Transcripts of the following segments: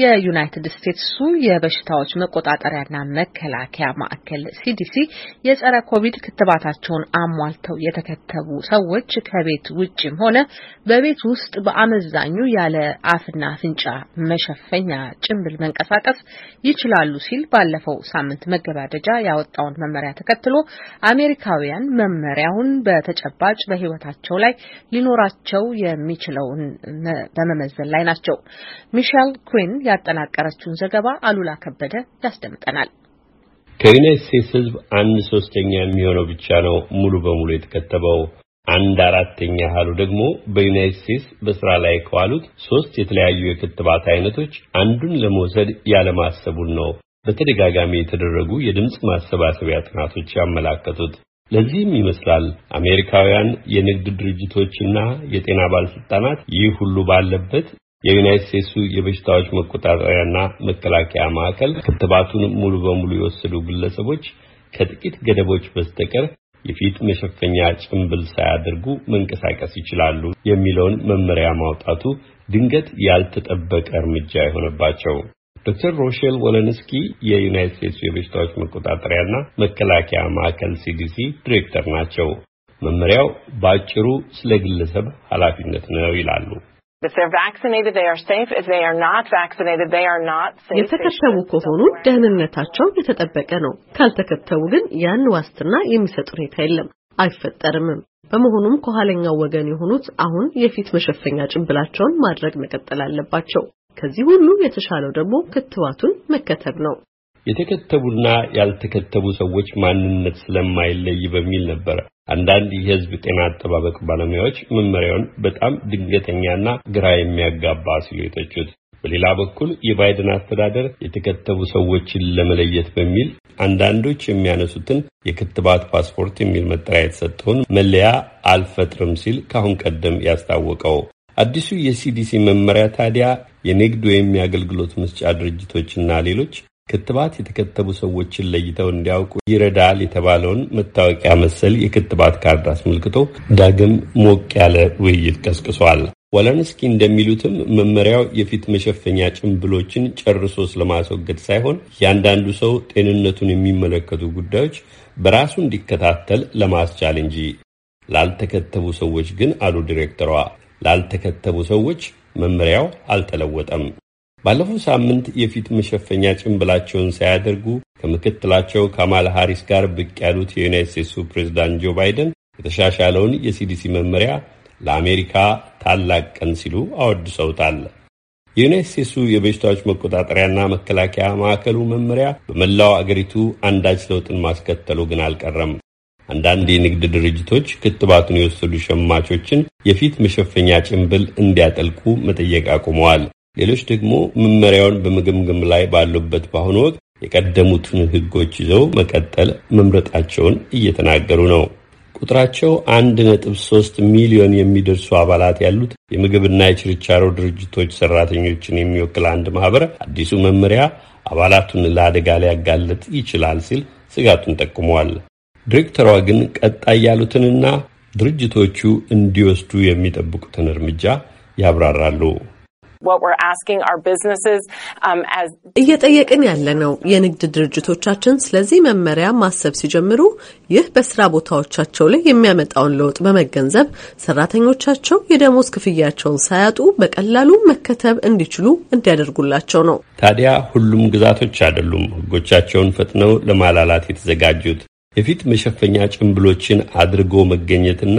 የዩናይትድ ስቴትሱ የበሽታዎች መቆጣጠሪያና መከላከያ ማዕከል ሲዲሲ የጸረ ኮቪድ ክትባታቸውን አሟልተው የተከተቡ ሰዎች ከቤት ውጭም ሆነ በቤት ውስጥ በአመዛኙ ያለ አፍና አፍንጫ መሸፈኛ ጭንብል መንቀሳቀስ ይችላሉ ሲል ባለፈው ሳምንት መገባደጃ ያወጣውን መመሪያ ተከትሎ አሜሪካውያን መመሪያውን በተጨባጭ በሕይወታቸው ላይ ሊኖራቸው የሚችለውን በመመዘን ላይ ናቸው። ሚሻል ኩዊን ያጠናቀረችውን ዘገባ አሉላ ከበደ ያስደምጠናል። ከዩናይት ስቴትስ ሕዝብ አንድ ሶስተኛ የሚሆነው ብቻ ነው ሙሉ በሙሉ የተከተበው። አንድ አራተኛ ያህሉ ደግሞ በዩናይት ስቴትስ በስራ ላይ ከዋሉት ሶስት የተለያዩ የክትባት አይነቶች አንዱን ለመውሰድ ያለማሰቡን ነው በተደጋጋሚ የተደረጉ የድምፅ ማሰባሰቢያ ጥናቶች ያመላከቱት። ለዚህም ይመስላል አሜሪካውያን የንግድ ድርጅቶችና የጤና ባለስልጣናት ይህ ሁሉ ባለበት የዩናይት ስቴትሱ የበሽታዎች መቆጣጠሪያና መከላከያ ማዕከል ክትባቱን ሙሉ በሙሉ የወሰዱ ግለሰቦች ከጥቂት ገደቦች በስተቀር የፊት መሸፈኛ ጭንብል ሳያደርጉ መንቀሳቀስ ይችላሉ የሚለውን መመሪያ ማውጣቱ ድንገት ያልተጠበቀ እርምጃ የሆነባቸው። ዶክተር ሮሼል ወለንስኪ የዩናይት ስቴትሱ የበሽታዎች መቆጣጠሪያና መከላከያ ማዕከል ሲዲሲ ዲሬክተር ናቸው። መመሪያው በአጭሩ ስለ ግለሰብ ኃላፊነት ነው ይላሉ። If they're vaccinated, they are safe. If they are not vaccinated, they are not safe. የተከተቡ ከሆኑ ደህንነታቸው የተጠበቀ ነው። ካልተከተቡ ግን ያን ዋስትና የሚሰጥ ሁኔታ የለም፣ አይፈጠርምም። በመሆኑም ከኋለኛው ወገን የሆኑት አሁን የፊት መሸፈኛ ጭንብላቸውን ማድረግ መቀጠል አለባቸው። ከዚህ ሁሉ የተሻለው ደግሞ ክትባቱን መከተብ ነው። የተከተቡና ያልተከተቡ ሰዎች ማንነት ስለማይለይ በሚል ነበር አንዳንድ የሕዝብ ጤና አጠባበቅ ባለሙያዎች መመሪያውን በጣም ድንገተኛና ግራ የሚያጋባ ሲሉ የተቹት በሌላ በኩል የባይደን አስተዳደር የተከተቡ ሰዎችን ለመለየት በሚል አንዳንዶች የሚያነሱትን የክትባት ፓስፖርት የሚል መጠሪያ የተሰጠውን መለያ አልፈጥርም ሲል ከአሁን ቀደም ያስታወቀው አዲሱ የሲዲሲ መመሪያ ታዲያ የንግድ ወይም የአገልግሎት መስጫ ድርጅቶችና ሌሎች ክትባት የተከተቡ ሰዎችን ለይተው እንዲያውቁ ይረዳል የተባለውን መታወቂያ መሰል የክትባት ካርድ አስመልክቶ ዳግም ሞቅ ያለ ውይይት ቀስቅሷል። ወለንስኪ እንደሚሉትም መመሪያው የፊት መሸፈኛ ጭንብሎችን ጨርሶ ስለማስወገድ ሳይሆን ያንዳንዱ ሰው ጤንነቱን የሚመለከቱ ጉዳዮች በራሱ እንዲከታተል ለማስቻል እንጂ ላልተከተቡ ሰዎች ግን አሉ ዲሬክተሯ፣ ላልተከተቡ ሰዎች መመሪያው አልተለወጠም። ባለፈው ሳምንት የፊት መሸፈኛ ጭንብላቸውን ሳያደርጉ ከምክትላቸው ካማል ሃሪስ ጋር ብቅ ያሉት የዩናይት ስቴትሱ ፕሬዚዳንት ጆ ባይደን የተሻሻለውን የሲዲሲ መመሪያ ለአሜሪካ ታላቅ ቀን ሲሉ አወድሰውታል። የዩናይት ስቴትሱ የበሽታዎች መቆጣጠሪያና መከላከያ ማዕከሉ መመሪያ በመላው አገሪቱ አንዳች ለውጥን ማስከተሉ ግን አልቀረም። አንዳንድ የንግድ ድርጅቶች ክትባቱን የወሰዱ ሸማቾችን የፊት መሸፈኛ ጭንብል እንዲያጠልቁ መጠየቅ አቁመዋል። ሌሎች ደግሞ መመሪያውን በመገምገም ላይ ባሉበት በአሁኑ ወቅት የቀደሙትን ሕጎች ይዘው መቀጠል መምረጣቸውን እየተናገሩ ነው። ቁጥራቸው አንድ ነጥብ ሶስት ሚሊዮን የሚደርሱ አባላት ያሉት የምግብና የችርቻሮ ድርጅቶች ሰራተኞችን የሚወክል አንድ ማህበር አዲሱ መመሪያ አባላቱን ለአደጋ ሊያጋለጥ ይችላል ሲል ስጋቱን ጠቁመዋል። ዲሬክተሯ ግን ቀጣይ ያሉትንና ድርጅቶቹ እንዲወስዱ የሚጠብቁትን እርምጃ ያብራራሉ። Um, እየጠየቅን ያለነው የንግድ ድርጅቶቻችን ስለዚህ መመሪያ ማሰብ ሲጀምሩ ይህ በስራ ቦታዎቻቸው ላይ የሚያመጣውን ለውጥ በመገንዘብ ሰራተኞቻቸው የደሞዝ ክፍያቸውን ሳያጡ በቀላሉ መከተብ እንዲችሉ እንዲያደርጉላቸው ነው። ታዲያ ሁሉም ግዛቶች አይደሉም ህጎቻቸውን ፈጥነው ለማላላት የተዘጋጁት። የፊት መሸፈኛ ጭንብሎችን አድርጎ መገኘትና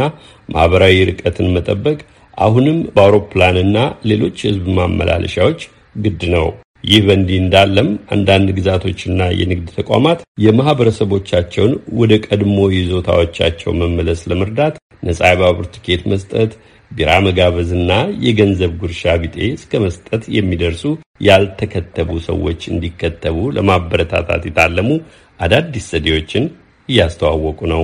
ማህበራዊ ርቀትን መጠበቅ አሁንም በአውሮፕላንና ሌሎች የህዝብ ማመላለሻዎች ግድ ነው። ይህ በእንዲህ እንዳለም አንዳንድ ግዛቶችና የንግድ ተቋማት የማህበረሰቦቻቸውን ወደ ቀድሞ ይዞታዎቻቸው መመለስ ለመርዳት ነፃ የባቡር ትኬት መስጠት፣ ቢራ መጋበዝና የገንዘብ ጉርሻ ቢጤ እስከ መስጠት የሚደርሱ ያልተከተቡ ሰዎች እንዲከተቡ ለማበረታታት የታለሙ አዳዲስ ዘዴዎችን እያስተዋወቁ ነው።